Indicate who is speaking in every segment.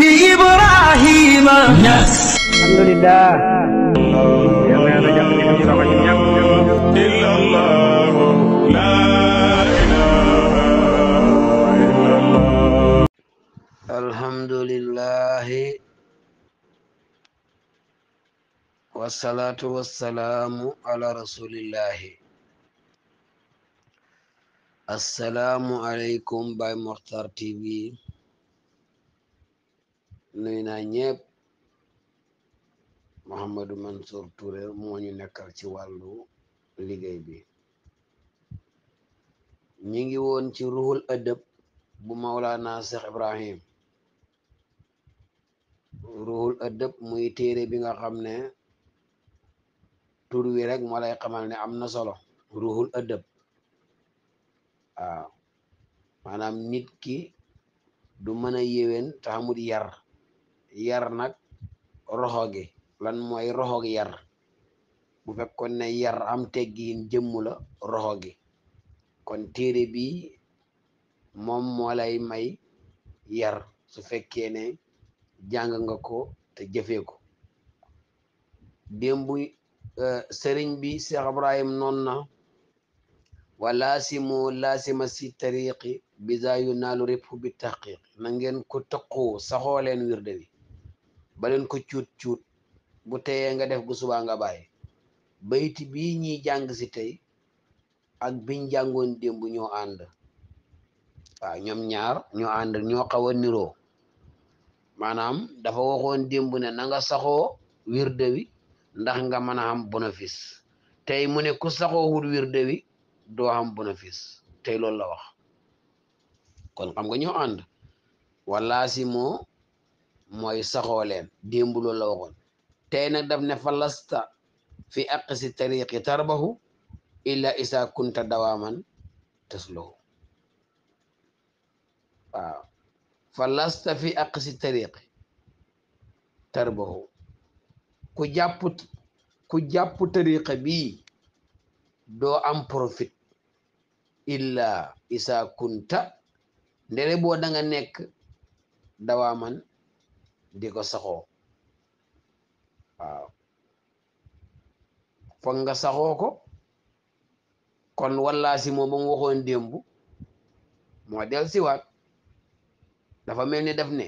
Speaker 1: bi Ibrahima Niass. alhamdulilah. alhamdulilah. wasalaatu wasalaamu ala rasulillahi. asalaamualeykum Baye Mokhtar TV. nuy naa ñëpp Mouhamadou Mansour Touré moo ñu nekkal ci wàllu liggéey bi ñi ngi woon ci ruhul adab bu Mawlana Cheikh Ibrahim ruhul adab muy téere bi nga xam ne tur wi rek moo lay xamal ne am na solo ruhul adab waaw maanaam nit ki du mën a yéwén te amul yar yar nag roxo gi lan mooy roxo gi yar bu fekkoon ne yar am teggiin jëmm la roxo gi kon téere bi moom moo lay may yar su fekkee ne jàng nga ko te jëfe ko démb euh, sëriñ bi Cheikh Ibrahim noon na wa laasimu laasima si tariqi bisa yu naalu rib fu bi taqiq na ngeen ko taqoo saxoo leen wirde wi ba leen ko cuut cuut bu teyee nga def gu subaa nga bàyyi bayti bii ñuy jàng si tey ak biñ jàngoon démb ñoo ànd waaw ñoom ñaar ñoo ànd ñoo xaw a niroo maanaam dafa woxoon démb ne nanga saxoo wirde wi ndax nga manaam a am bénéfice tey mu ne ku saxoo wut wirde wi doo am bénéfice tey loolu la wax kon xam nga ñoo ànd wala moo mooy saxoo leen démb loolu la waxoon ne fa lasta fi aqsi tariqi tarbahu illa isa kunta dawaaman tasluhu waaw fa lasta fi aqsi tariqi tarbahu ku jàpp ku jàpp tariqa bii doo am profit illa isa kunta ndere boo da nekk dawaman di ko saxoo waaw foog nga saxoo ko kon wallaasi moom ba mu waxoon démb moo del siwaat dafa mel ni daf ne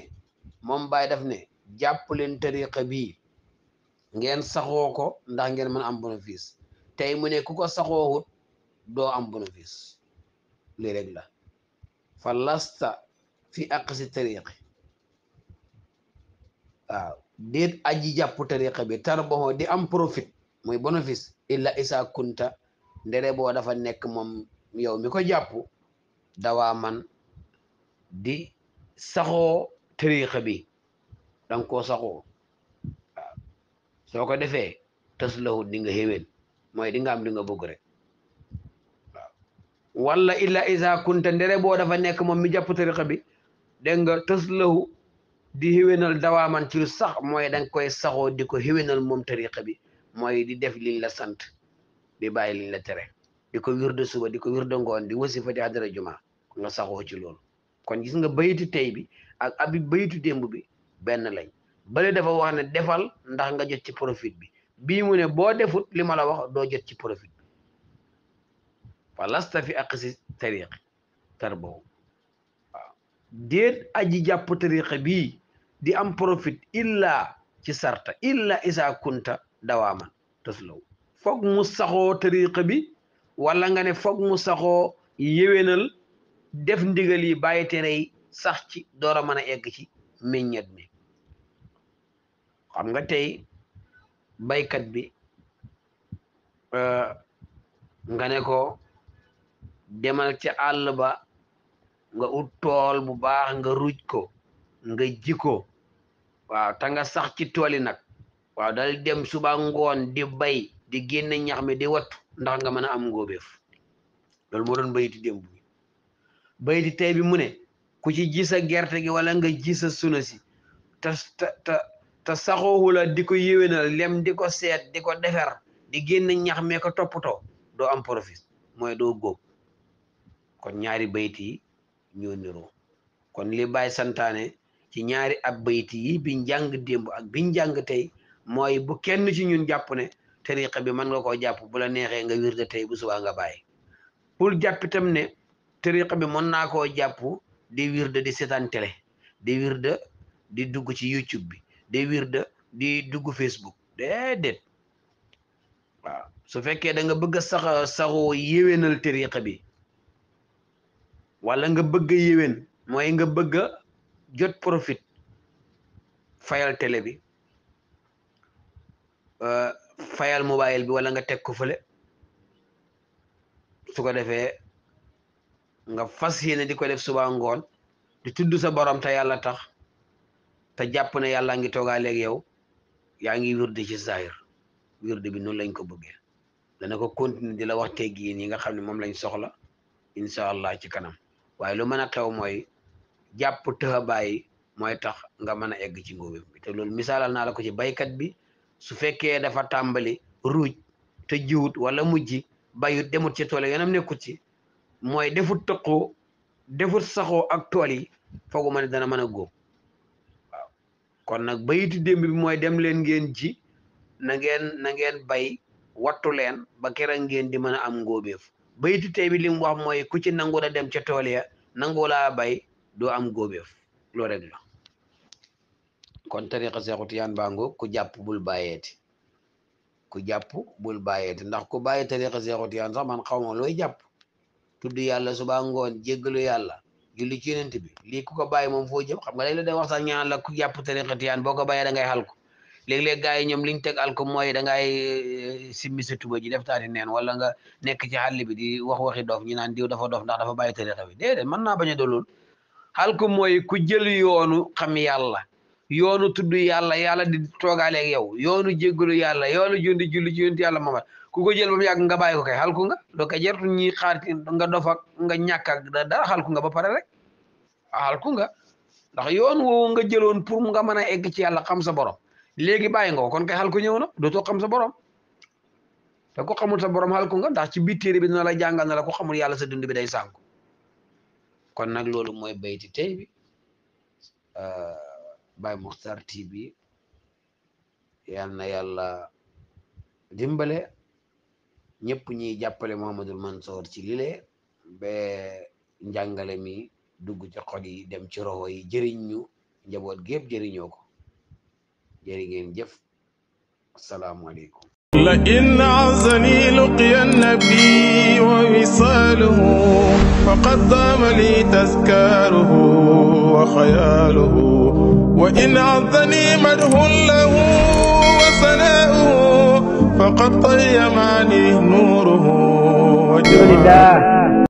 Speaker 1: moom baay daf ne jàpp leen tariqa bii ngeen saxoo ko ndax ngeen mën am bénéfice tey mu ne ku ko saxoowut doo am bénéfice lii rek la fa lasta fi aqsi tariqi waaw déet aji jàpp tariqa bi tarbaxoo di am profit mooy bénéfice illa isa kunta ndere boo dafa nekk moom yow mi ko jàpp dawaa man di saxoo tariqa bi danga koo saxoo waaw soo ko defee tas lahu di nga mooy di nga am di nga bëgg rek waaw wala isa kunta ndere boo dafa nekk moom mi jàpp tariqa bi dégg nga tas di xéwénal dawaaman ci lu sax mooy danga koy saxoo di ko xéwénal moom tariqa bi mooy di def liñ la sant bi bàyyi liñ la tere di ko wirde suba di ko wirde ngoon di wasifa di hadara juma nga saxoo ci loolu kon gis nga bayitu tey bi ak abi bayitu démb bi benn lañ bale dafa wax ne defal ndax nga jot ci profit bi bi mu ne boo defut li ma la wax doo jot ci profit bi fa lasta fi aqsi tariq tarbaw waaw déet jàpp tariqa bii di am profit illa ci sarta illa isa kunta dawaaman taslaw foog mu saxoo tariqa bi wala nga ne foog mu saxoo yéwénal def ndigal yi bàyyi sax ci door a mën a egg ci meññet mi xam nga tey baykat bi euh, nga ne ko demal ca àll ba nga ut tool bu baax nga ruj ko nga ji ko waaw ta nga sax ci tool yi nag waaw dal dem suba ngoon di bay di génne ñax mi di wattu ndax nga mën a am ngóobeef loolu moo doon bayiti démb bi bayiti tey bi mu ne ku ci ji sa gerte gi wala nga ji sa suna si te te te saxooxula di ko yéwénal lem di ko seet di ko defer di génne ñax mee ko toppatoo doo am profit mooy doo góob kon ñaari bayit yi ñoo kon li bàyyi santaane ci ñaari ab bayti yi biñ jàng démb ak biñ jàng tey mooy bu kenn ci ñun jàpp ne tariqa bi mën nga koo jàpp bu neexee nga wirde tey bu subaa nga bàyyi pour jàpp itam ne tariqa bi mën naa koo jàpp di wirde di seetaan télé di wirde di dugg ci YouTube bi di wirde di dugg Facebook déedéet waaw su fekkee da nga bëgg a sax saxoo yéwénal bi wala nga bëgg a mooy nga bëgg jot profit fayal télé bi euh, fayal mobile bi wala nga teg ko fële su ko defee nga fas yéene di ko def suba ngoon di tudd sa borom te yàlla tax te jàpp ne yàlla ngi toogaaleeg yow yaa ngi wirde ci zahir wirde bi noonu lañ ko bëggee dana ko continuer di la wax teggiin yi nga xam ne moom lañ soxla incha allah ci kanam waaye lu mën a xew mooy jàpp tëx bàyyi mooy tax nga mën a egg ci ngóobam bi te loolu misaalal naa la ko ci baykat bi su fekkee dafa tàmbali ruuj te jiwut wala mujji bayut demut ci tool yi yoonam nekkut ci mooy defut tëqu defut saxoo ak tool yi foogu ma ne dana mën a góob kon nag bayitu dem bi mooy dem leen ngeen ji na ngeen na bay wattu leen ba kera ngeen di mën a am ngóobeef bayitu tey bi li mu wax mooy ku ci nangu la dem ca tool ya nangu laa bay doo am góobeef loolu rek la kon tariqa Seexu Tijaan baa ngoog ku jàpp bul bàyyeeti ku jàpp bul bàyyeeti ndax ku bàyyi tariqa Seexu Tijaan sax man xaw ma looy jàpp tudd yàlla suba ngoon jéggalu yàlla julli ci yonent bi lii ku ko bàyyi moom foo jëm xam nga léegi la day waxtaan ñaan la ku jàpp tariqa Tijaan boo ko bàyyee da ngay xal ko léeg-léeg gars yi ñoom liñ teg alko mooy da ngay eh, simmi sa tuba ji def taati neen wala nga nekk ci xàll bi di wax waxi dof ñu naan diw dafa dof ndax dafa bàyyi tariqa bi naa bañ a doon halku moy ku jël yoonu xam yalla yoonu tuddu yalla yalla di togalé ak yow yoonu jéggulu yalla yoonu jundi julli jundi yalla yàlla ku ko jël bam yag nga bàyyi ko kay halku nga do ka jertu ñi xaar nga dof ak nga ñak ak da halku nga ba paré rek halku nga ndax yoon wo nga jëlon pour nga mëna egg ci yalla xam sa borom légui bàyyi nga kon kay halku ñew na to xam sa borom da ko xamul sa borom halku nga ndax ci bi na la jangal na la ko xamul yalla sa dund bi day sanku kon nag loolu mooy bayti tey bi euh, Baye Muxtar TV yal na yàlla dimbale ñëpp ñiy jàppale man soor ci lile ba njàngale mi dugg ci xol yi dem ci roxo yi jëriñ ñu njaboot gépp jëriñoo ko jëri ngeen jëf asalaamualeykum لئن عزني لقيا النبي ووصاله فقد دام لي تذكاره وخياله وإن عزني مده له وثناؤه فقد عليه نوره وجلاله